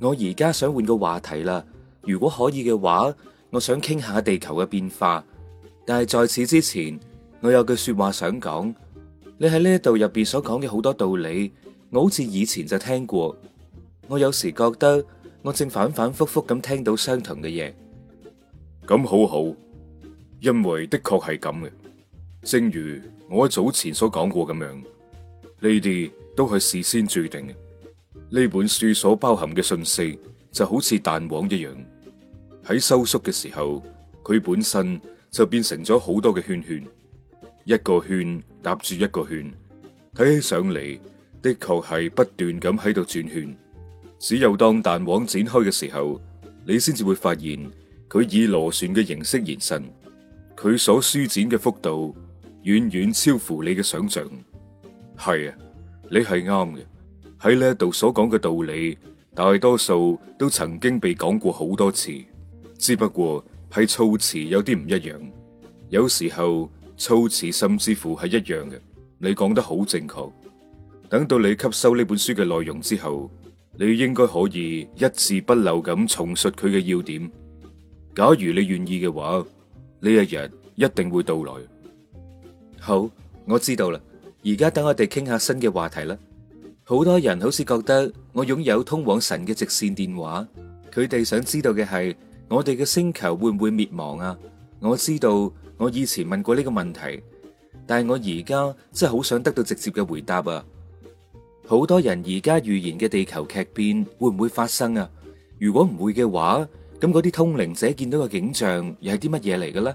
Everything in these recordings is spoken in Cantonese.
我而家想換個話題啦，如果可以嘅話，我想傾下地球嘅變化。但係在此之前，我有句說話想講。你喺呢一度入邊所講嘅好多道理，我好似以前就聽過。我有時覺得我正反反復復咁聽到相同嘅嘢。咁好好，因為的確係咁嘅。正如我喺早前所講過咁樣，呢啲都係事先注定嘅。呢本書所包含嘅信息就好似彈簧一樣，喺收縮嘅時候，佢本身就變成咗好多嘅圈圈，一個圈搭住一個圈，睇起上嚟的確係不斷咁喺度轉圈。只有當彈簧展開嘅時候，你先至會發現佢以螺旋嘅形式延伸，佢所舒展嘅幅度遠遠超乎你嘅想象。係啊，你係啱嘅。喺呢度所講嘅道理，大多數都曾經被講過好多次，只不過係措辭有啲唔一樣。有時候措辭甚至乎係一樣嘅。你講得好正確。等到你吸收呢本書嘅內容之後，你應該可以一字不漏咁重述佢嘅要點。假如你願意嘅話，呢一日一定會到來。好，我知道啦。而家等我哋傾下新嘅話題啦。好多人好似覺得我擁有通往神嘅直線電話，佢哋想知道嘅係我哋嘅星球會唔會滅亡啊？我知道我以前問過呢個問題，但係我而家真係好想得到直接嘅回答啊！好多人而家預言嘅地球劇變會唔會發生啊？如果唔會嘅話，咁嗰啲通靈者見到嘅景象又係啲乜嘢嚟嘅咧？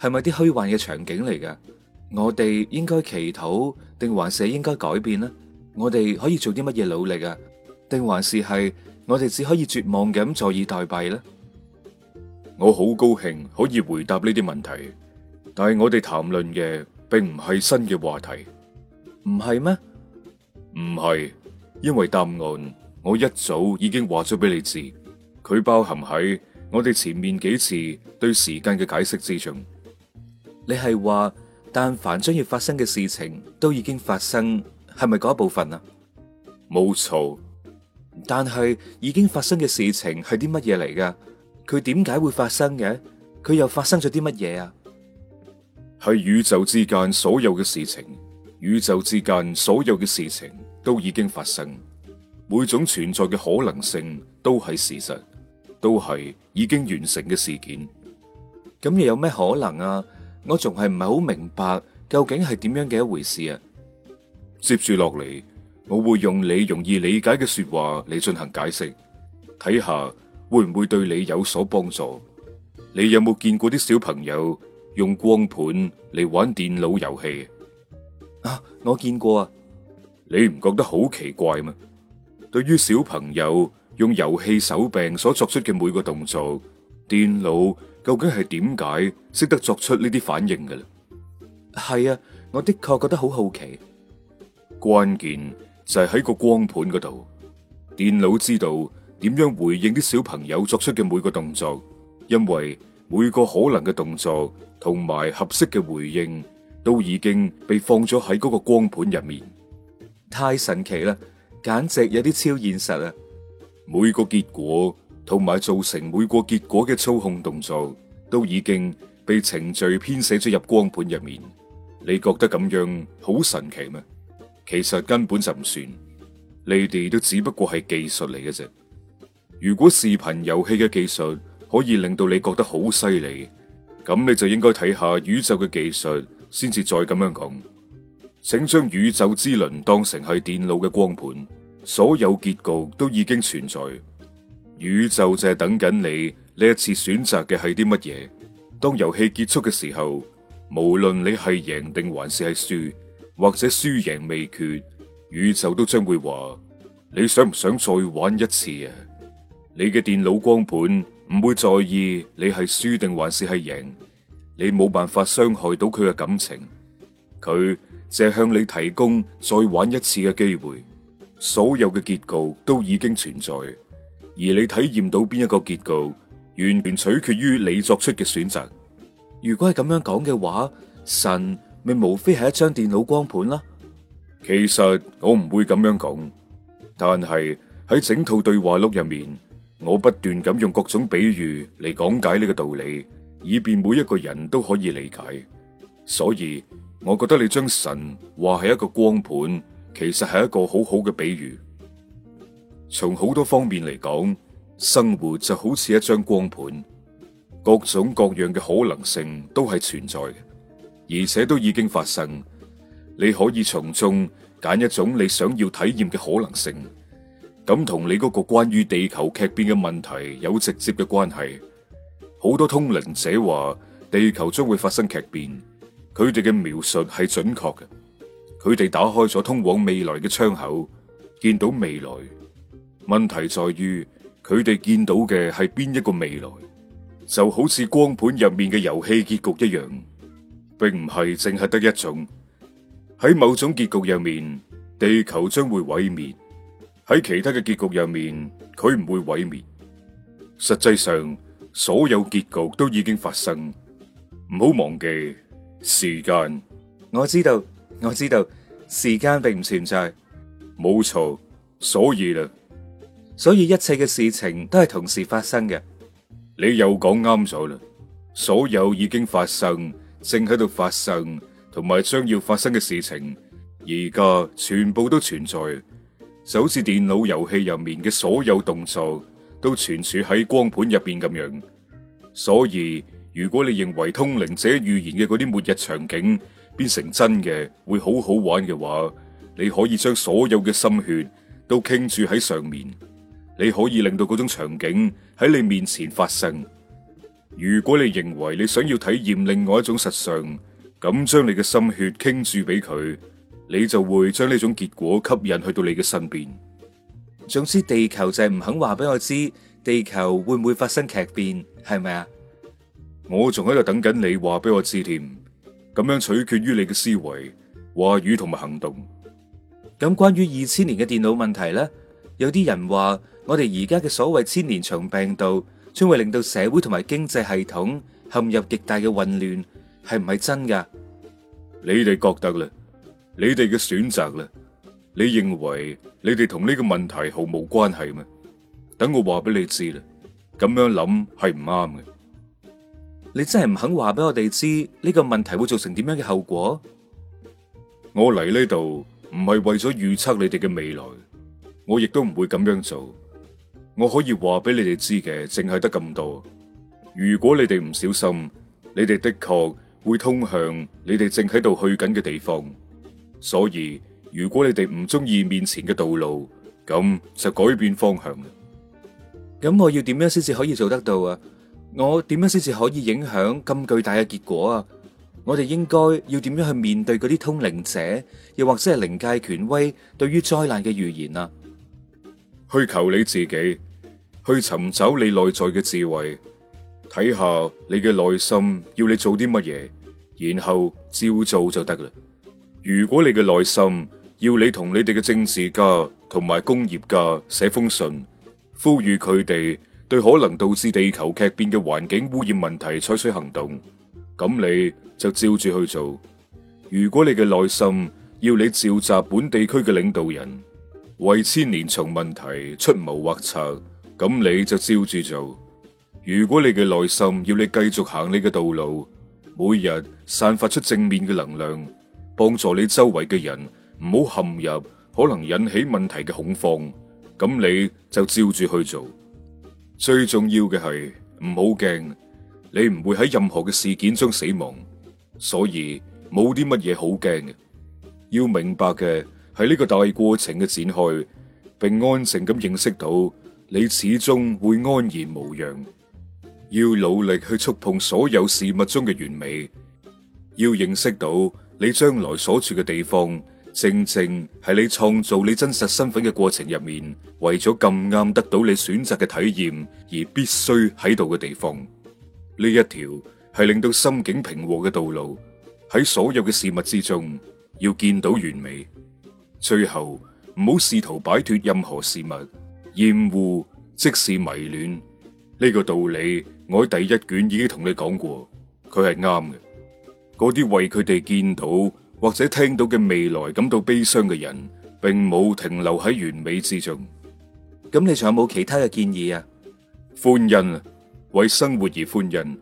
係咪啲虛幻嘅場景嚟㗎？我哋應該祈禱定還是應該改變呢？我哋可以做啲乜嘢努力啊？定還是係我哋只可以絕望咁坐以待斃呢？我好高興可以回答呢啲問題，但係我哋談論嘅並唔係新嘅話題，唔係咩？唔係，因為答案我一早已經話咗俾你知，佢包含喺我哋前面幾次對時間嘅解釋之中。你係話，但凡將要發生嘅事情都已經發生。係咪嗰一部分啊？冇錯錯，但係已經發生嘅事情係啲乜嘢嚟㗎？佢點解會發生嘅？佢又發生咗啲乜嘢啊？係宇宙之間所有嘅事情，宇宙之間所有嘅事情都已經發生，每種存在嘅可能性都係事實，都係已經完成嘅事件。咁又有咩可能啊？我仲係唔係好明白究竟係點樣嘅一回事啊？接住落嚟，我會用你容易理解嘅說話嚟進行解釋，睇下會唔會對你有所幫助。你有冇見過啲小朋友用光盤嚟玩電腦遊戲啊？我見過啊，你唔覺得好奇怪咩？對於小朋友用遊戲手柄所作出嘅每個動作，電腦究竟係點解識得作出呢啲反應嘅咧？係啊，我的確覺得好好奇。關鍵就係喺個光盤嗰度，電腦知道點樣回應啲小朋友作出嘅每個動作，因為每個可能嘅動作同埋合適嘅回應都已經被放咗喺嗰個光盤入面。太神奇啦，簡直有啲超現實啦！每個結果同埋造成每個結果嘅操控動作，都已經被程序編寫咗入光盤入面。你覺得咁樣好神奇咩？其實根本就唔算，你哋都只不過係技術嚟嘅啫。如果視頻遊戲嘅技術可以令到你覺得好犀利，咁你就應該睇下宇宙嘅技術，先至再咁樣講。請將宇宙之輪當成係電腦嘅光盤，所有結局都已經存在。宇宙就係等緊你呢一次選擇嘅係啲乜嘢？當遊戲結束嘅時候，無論你係贏定還是係輸。或者輸贏未決，宇宙都將會話你想唔想再玩一次啊？你嘅電腦光盤唔會在意你係輸定還是係贏，你冇辦法傷害到佢嘅感情，佢淨係向你提供再玩一次嘅機會。所有嘅結局都已經存在，而你體驗到邊一個結局，完全取決於你作出嘅選擇。如果係咁樣講嘅話，神咪無非係一張電腦光盤啦。其實我唔會咁樣講，但係喺整套對話錄入面，我不斷咁用各種比喻嚟講解呢個道理，以便每一個人都可以理解。所以我覺得你將神話係一個光盤，其實係一個好好嘅比喻。從好多方面嚟講，生活就好似一張光盤，各種各樣嘅可能性都係存在嘅。而且都已經發生，你可以從中揀一種你想要體驗嘅可能性。咁同你嗰個關於地球劇變嘅問題有直接嘅關係。好多通靈者話地球將會發生劇變，佢哋嘅描述係準確嘅。佢哋打開咗通往未來嘅窗口，見到未來。問題在於佢哋見到嘅係邊一個未來？就好似光盤入面嘅遊戲結局一樣。並唔係淨係得一種。喺某種結局入面，地球將會毀滅；喺其他嘅結局入面，佢唔會毀滅。實際上，所有結局都已經發生。唔好忘記時間。我知道，我知道，時間並唔存在。冇錯，所以啦，所以一切嘅事情都係同時發生嘅。你又講啱咗啦，所有已經發生。正喺度發生同埋將要發生嘅事情，而家全部都存在，就好似電腦遊戲入面嘅所有動作都存儲喺光盤入邊咁樣。所以，如果你認為通靈者預言嘅嗰啲末日場景變成真嘅，會好好玩嘅話，你可以將所有嘅心血都傾注喺上面，你可以令到嗰種場景喺你面前發生。如果你認為你想要體驗另外一種實相，咁將你嘅心血傾注俾佢，你就會將呢種結果吸引去到你嘅身邊。總之，地球就係唔肯話俾我知，地球會唔會發生劇變，係咪啊？我仲喺度等緊你話俾我知添，咁樣取決於你嘅思維、話語同埋行動。咁關於二千年嘅電腦問題咧，有啲人話我哋而家嘅所謂千年蟲病毒。將會令到社會同埋經濟系統陷入極大嘅混亂，係唔係真㗎？你哋覺得啦？你哋嘅選擇啦？你認為你哋同呢個問題毫無關係咩？等我話俾你知啦，咁樣諗係唔啱嘅。你真係唔肯話俾我哋知呢個問題會造成點樣嘅後果？我嚟呢度唔係為咗預測你哋嘅未來，我亦都唔會咁樣做。我可以話俾你哋知嘅，淨係得咁多。如果你哋唔小心，你哋的確會通向你哋正喺度去緊嘅地方。所以，如果你哋唔中意面前嘅道路，咁就改變方向。咁我要點樣先至可以做得到啊？我點樣先至可以影響咁巨大嘅結果啊？我哋應該要點樣去面對嗰啲通靈者，又或者係靈界權威對於災難嘅預言啊？去求你自己。去尋找你內在嘅智慧，睇下你嘅內心要你做啲乜嘢，然後照做就得啦。如果你嘅內心要你同你哋嘅政治家同埋工業家寫封信，呼籲佢哋對可能導致地球劇變嘅環境污染問題採取行動，咁你就照住去做。如果你嘅內心要你召集本地區嘅領導人，為千年蟲問題出謀劃策。咁你就照住做。如果你嘅內心要你繼續行呢個道路，每日散發出正面嘅能量，幫助你周圍嘅人，唔好陷入可能引起問題嘅恐慌。咁你就照住去做。最重要嘅係唔好驚，你唔會喺任何嘅事件中死亡，所以冇啲乜嘢好驚嘅。要明白嘅係呢個大過程嘅展開，並安靜咁認識到。你始終會安然無恙，要努力去觸碰所有事物中嘅完美，要認識到你將來所處嘅地方，正正係你創造你真實身份嘅過程入面，為咗咁啱得到你選擇嘅體驗而必須喺度嘅地方。呢一條係令到心境平和嘅道路，喺所有嘅事物之中，要見到完美。最後，唔好試圖擺脫任何事物。厭惡，即係迷戀呢個道理，我喺第一卷已經同你講過，佢係啱嘅。嗰啲為佢哋見到或者聽到嘅未來感到悲傷嘅人，並冇停留喺完美之中。咁你仲有冇其他嘅建議啊？歡欣，為生活而歡欣，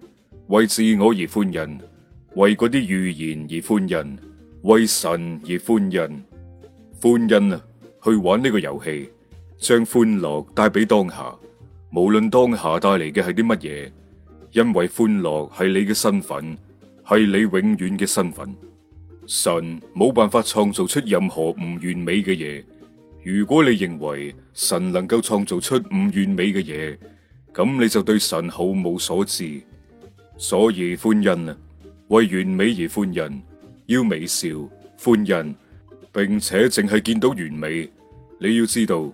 為自我而歡欣，為嗰啲預言而歡欣，為神而歡欣，歡欣啊，去玩呢個遊戲。將歡樂帶俾當下，無論當下帶嚟嘅係啲乜嘢，因為歡樂係你嘅身份，係你永遠嘅身份。神冇辦法創造出任何唔完美嘅嘢。如果你認為神能夠創造出唔完美嘅嘢，咁你就對神毫無所知。所以歡欣啊，為完美而歡欣，要微笑歡欣，並且淨係見到完美。你要知道。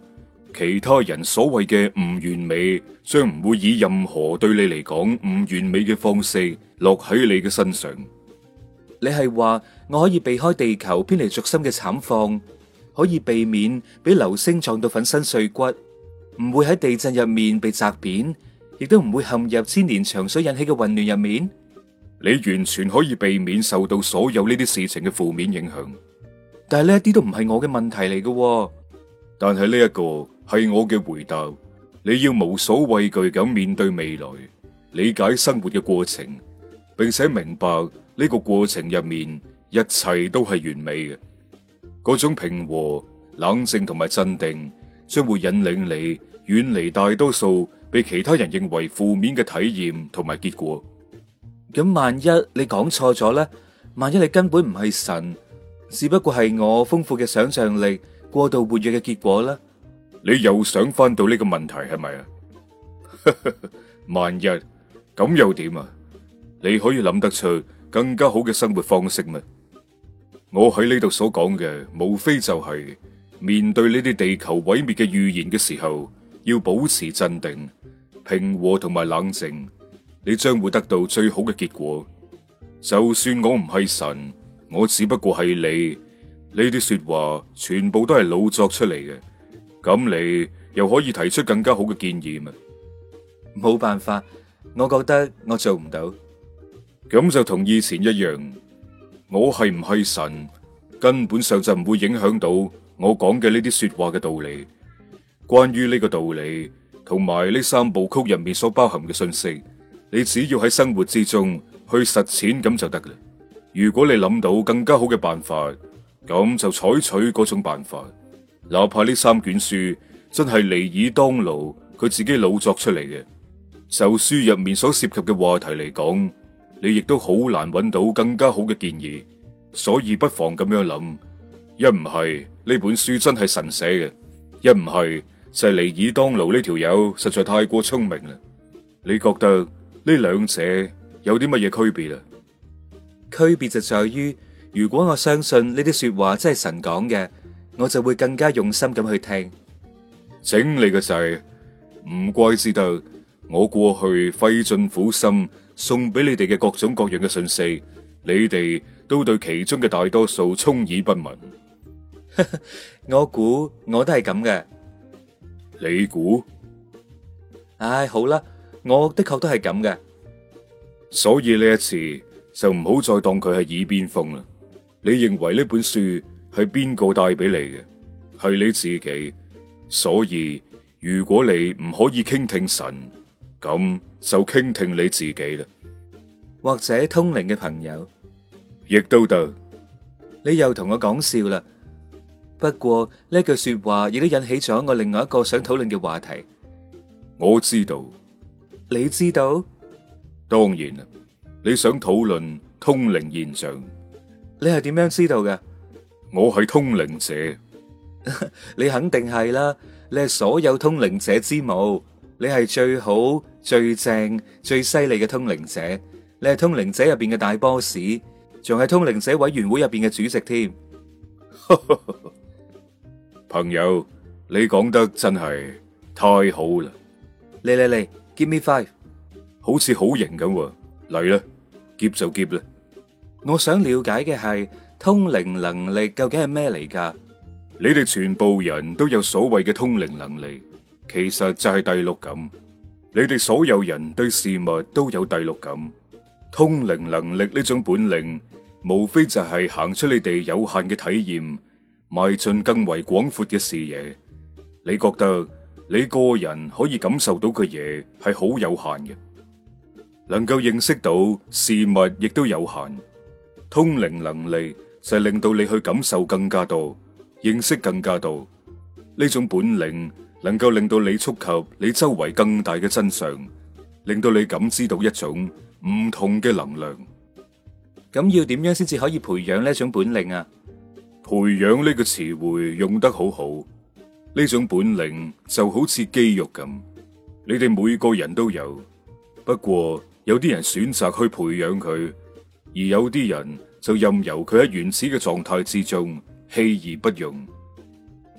其他人所謂嘅唔完美，將唔會以任何對你嚟講唔完美嘅方式落喺你嘅身上。你係話我可以避開地球偏離軸心嘅慘況，可以避免俾流星撞到粉身碎骨，唔會喺地震入面被砸扁，亦都唔會陷入千年長水引起嘅混亂入面。你完全可以避免受到所有呢啲事情嘅負面影響。但係呢一啲都唔係我嘅問題嚟嘅。但係呢一個。係我嘅回答，你要無所畏懼咁面對未來，理解生活嘅過程，並且明白呢個過程入面一切都係完美嘅。嗰種平和、冷靜同埋鎮定，將會引領你遠離大多數被其他人認為負面嘅體驗同埋結果。咁萬一你講錯咗咧？萬一你根本唔係神，只不過係我豐富嘅想象力過度活躍嘅結果咧？你又想返到呢個問題係咪啊？萬一咁又點啊？你可以諗得出更加好嘅生活方式咩？我喺呢度所講嘅，無非就係面對呢啲地球毀滅嘅預言嘅時候，要保持鎮定、平和同埋冷靜，你將會得到最好嘅結果。就算我唔係神，我只不過係你呢啲說話，全部都係老作出嚟嘅。咁你又可以提出更加好嘅建議嘛？冇辦法，我覺得我做唔到。咁就同以前一樣，我係唔係神，根本上就唔會影響到我講嘅呢啲說話嘅道理。關於呢個道理同埋呢三部曲入面所包含嘅信息，你只要喺生活之中去實踐，咁就得啦。如果你諗到更加好嘅辦法，咁就採取嗰種辦法。哪怕呢三卷書真係尼爾當勞佢自己老作出嚟嘅，就書入面所涉及嘅話題嚟講，你亦都好難揾到更加好嘅建議。所以不妨咁樣諗：一唔係呢本書真係神寫嘅；一唔係就係、是、尼爾當勞呢條友實在太過聰明啦。你覺得呢兩者有啲乜嘢區別啊？區別就在於，如果我相信呢啲說話真係神講嘅，我就會更加用心咁去聽，整理個勢。唔怪之得，我過去費盡苦心送俾你哋嘅各種各樣嘅訊息，你哋都對其中嘅大多數充耳不聞。我估我都係咁嘅，你估？唉，好啦，我的確都係咁嘅，所以呢一次就唔好再當佢係耳邊風啦。你認為呢本書？係邊個帶俾你嘅？係你自己，所以如果你唔可以傾聽神，咁就傾聽你自己啦。或者通靈嘅朋友亦都得。你又同我講笑啦。不過呢句說話亦都引起咗我另外一個想討論嘅話題。我知道，你知道，當然啦。你想討論通靈現象，你係點樣知道嘅？我係通靈者，你肯定係啦！你係所有通靈者之母，你係最好、最正、最犀利嘅通靈者，你係通靈者入邊嘅大 boss，仲係通靈者委員會入邊嘅主席添。朋友，你講得真係太好啦！嚟嚟嚟，give me five，好似好型咁，嚟啦，劫就劫啦。我想了解嘅係。通靈能力究竟係咩嚟㗎？你哋全部人都有所謂嘅通靈能力，其實就係第六感。你哋所有人對事物都有第六感。通靈能力呢種本領，無非就係行出你哋有限嘅體驗，邁進更為廣闊嘅視野。你覺得你個人可以感受到嘅嘢係好有限嘅，能夠認識到事物亦都有限。通靈能力。就係令到你去感受更加多，認識更加多呢種本領，能夠令到你觸及你周圍更大嘅真相，令到你感知到一種唔同嘅能量。咁要點樣先至可以培養呢種本領啊？培養呢個詞彙用得好好，呢種本領就好似肌肉咁，你哋每個人都有，不過有啲人選擇去培養佢，而有啲人。就任由佢喺原始嘅狀態之中棄而不用。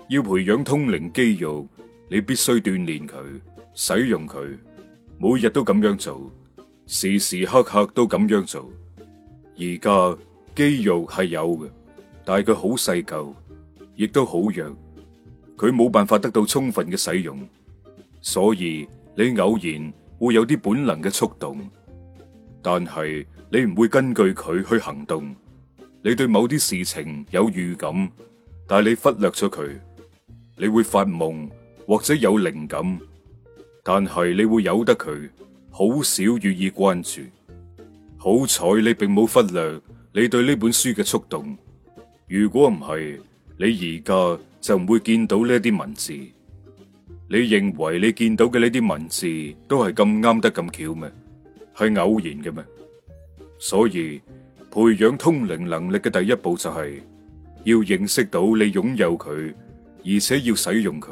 要培養通靈肌肉，你必須鍛煉佢，使用佢，每日都咁樣做，時時刻刻都咁樣做。而家肌肉係有嘅，但係佢好細舊，亦都好弱，佢冇辦法得到充分嘅使用，所以你偶然會有啲本能嘅觸動。但係你唔會根據佢去行動，你對某啲事情有預感，但係你忽略咗佢。你會發夢或者有靈感，但係你會由得佢，好少予以關注。好彩你並冇忽略你對呢本書嘅觸動。如果唔係，你而家就唔會見到呢啲文字。你認為你見到嘅呢啲文字都係咁啱得咁巧咩？係偶然嘅咩？所以培養通靈能力嘅第一步就係要認識到你擁有佢，而且要使用佢。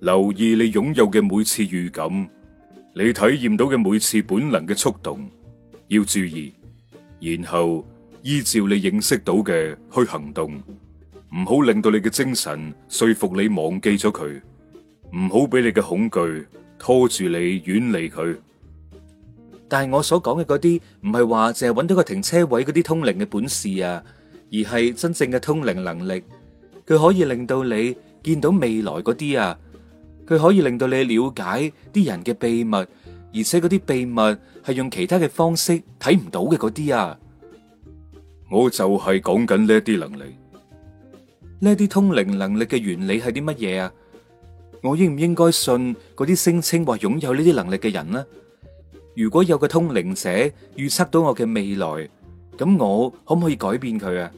留意你擁有嘅每次預感，你體驗到嘅每次本能嘅觸動，要注意，然後依照你認識到嘅去行動，唔好令到你嘅精神說服你忘記咗佢，唔好俾你嘅恐懼拖住你遠離佢。但係我所講嘅嗰啲，唔係話淨係揾到個停車位嗰啲通靈嘅本事啊，而係真正嘅通靈能力。佢可以令到你見到未來嗰啲啊，佢可以令到你了解啲人嘅秘密，而且嗰啲秘密係用其他嘅方式睇唔到嘅嗰啲啊。我就係講緊呢一啲能力，呢一啲通靈能力嘅原理係啲乜嘢啊？我應唔應該信嗰啲聲稱話擁有呢啲能力嘅人呢？如果有個通靈者預測到我嘅未來，咁我可唔可以改變佢啊？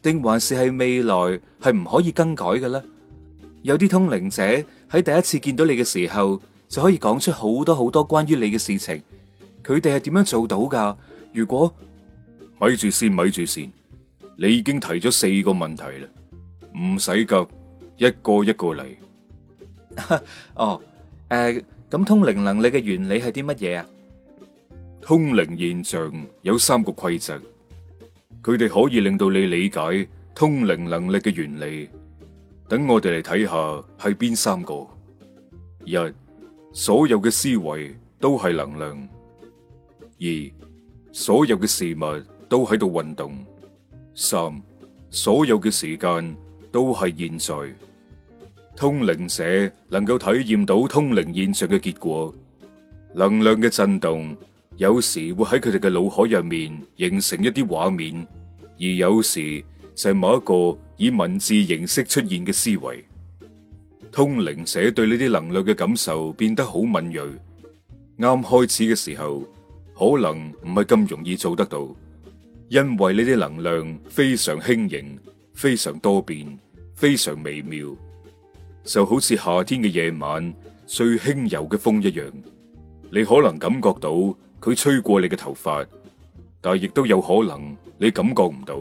定還是係未來係唔可以更改嘅咧？有啲通靈者喺第一次見到你嘅時候就可以講出好多好多關於你嘅事情，佢哋係點樣做到㗎？如果咪住先，咪住先，你已經提咗四個問題啦，唔使急，一個一個嚟。 哦，誒、呃。咁通靈能力嘅原理係啲乜嘢啊？通靈現象有三個規則，佢哋可以令到你理解通靈能力嘅原理。等我哋嚟睇下係邊三個：一、所有嘅思維都係能量；二、所有嘅事物都喺度運動；三、所有嘅時間都係現在。通靈者能夠體驗到通靈現象嘅結果，能量嘅震動有時會喺佢哋嘅腦海入面形成一啲畫面，而有時就係某一個以文字形式出現嘅思維。通靈者對呢啲能量嘅感受變得好敏銳。啱開始嘅時候，可能唔係咁容易做得到，因為呢啲能量非常輕盈、非常多變、非常微妙。就好似夏天嘅夜晚最輕柔嘅風一樣，你可能感覺到佢吹過你嘅頭髮，但係亦都有可能你感覺唔到。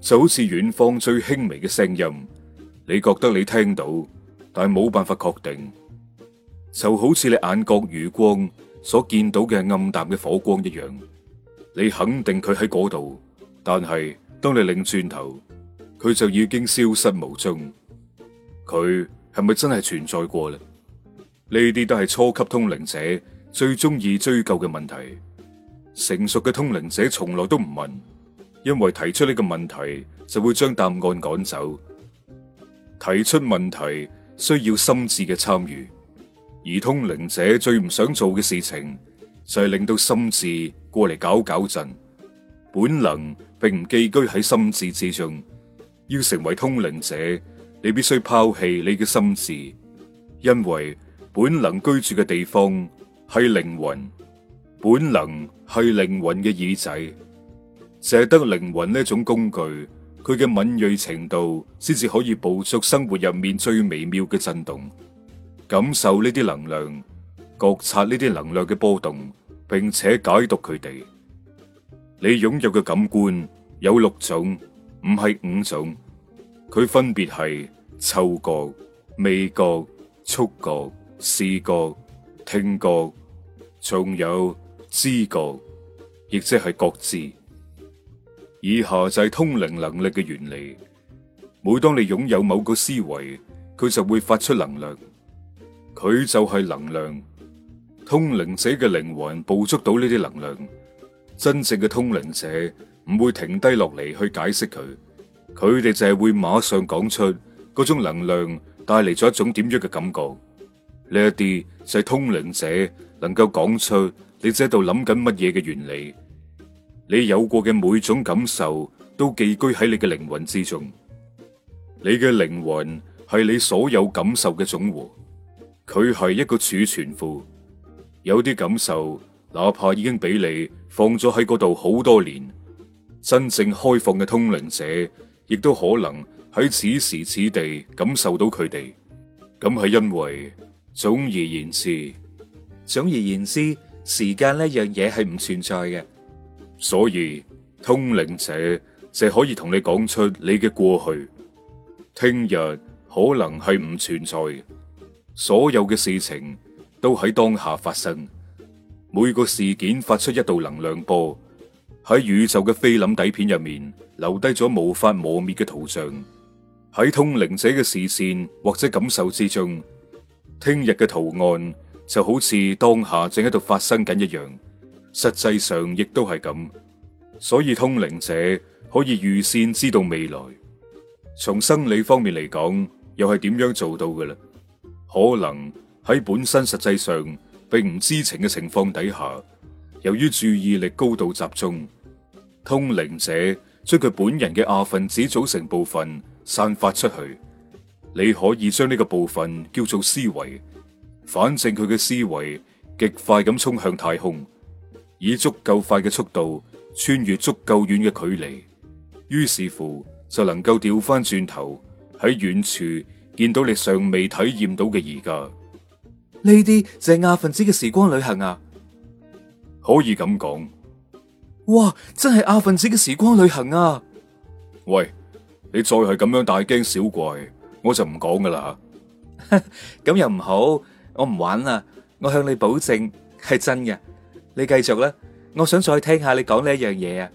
就好似遠方最輕微嘅聲音，你覺得你聽到，但係冇辦法確定。就好似你眼角餘光所見到嘅暗淡嘅火光一樣，你肯定佢喺嗰度，但係當你擰轉頭，佢就已經消失無蹤。佢係咪真係存在過呢？呢啲都係初級通靈者最中意追究嘅問題。成熟嘅通靈者從來都唔問，因為提出呢個問題就會將答案趕走。提出問題需要心智嘅參與，而通靈者最唔想做嘅事情就係令到心智過嚟搞搞震。本能並唔寄居喺心智之中，要成為通靈者，你必須拋棄你嘅心智，因為本能居住嘅地方係靈魂，本能係靈魂嘅耳仔，借得靈魂呢一種工具，佢嘅敏銳程度，先至可以捕捉生活入面最微妙嘅震動，感受呢啲能量，覺察呢啲能量嘅波動，並且解讀佢哋。你擁有嘅感官有六種，唔係五種。佢分別係嗅覺、味覺、觸覺、視覺、聽覺，仲有知覺，亦即係覺知。以下就係通靈能力嘅原理。每當你擁有某個思維，佢就會發出能量。佢就係能量。通靈者嘅靈魂捕捉到呢啲能量。真正嘅通靈者唔會停低落嚟去解釋佢。佢哋就係會馬上講出嗰種能量帶嚟咗一種點樣嘅感覺。呢一啲就係通靈者能夠講出你喺度諗緊乜嘢嘅原理。你有過嘅每種感受都寄居喺你嘅靈魂之中，你嘅靈魂係你所有感受嘅總和，佢係一個儲存庫，有啲感受哪怕已經俾你放咗喺嗰度好多年，真正開放嘅通靈者。亦都可能喺此時此地感受到佢哋，咁係因為總而言之，總而言之，時間呢樣嘢係唔存在嘅，所以通靈者就可以同你講出你嘅過去。聽日可能係唔存在，所有嘅事情都喺當下發生，每個事件發出一道能量波。喺宇宙嘅菲林底片入面留低咗無法磨滅嘅圖像，喺通靈者嘅視線或者感受之中，聽日嘅圖案就好似當下正喺度發生緊一樣。實際上亦都係咁，所以通靈者可以預先知道未來。從生理方面嚟講，又係點樣做到嘅啦？可能喺本身實際上並唔知情嘅情況底下。由於注意力高度集中，通靈者將佢本人嘅亞分子組成部分散發出去，你可以將呢個部分叫做思維。反正佢嘅思維極快咁衝向太空，以足夠快嘅速度穿越足夠遠嘅距離，於是乎就能夠掉返轉頭喺遠處見到你尚未體驗到嘅而家。呢啲就係亞分子嘅時光旅行啊！可以咁講，哇！真係亞分子嘅時光旅行啊！喂，你再係咁樣大驚小怪，我就唔講噶啦。咁 又唔好，我唔玩啦。我向你保證係真嘅，你繼續啦。我想再聽下你講呢一樣嘢啊！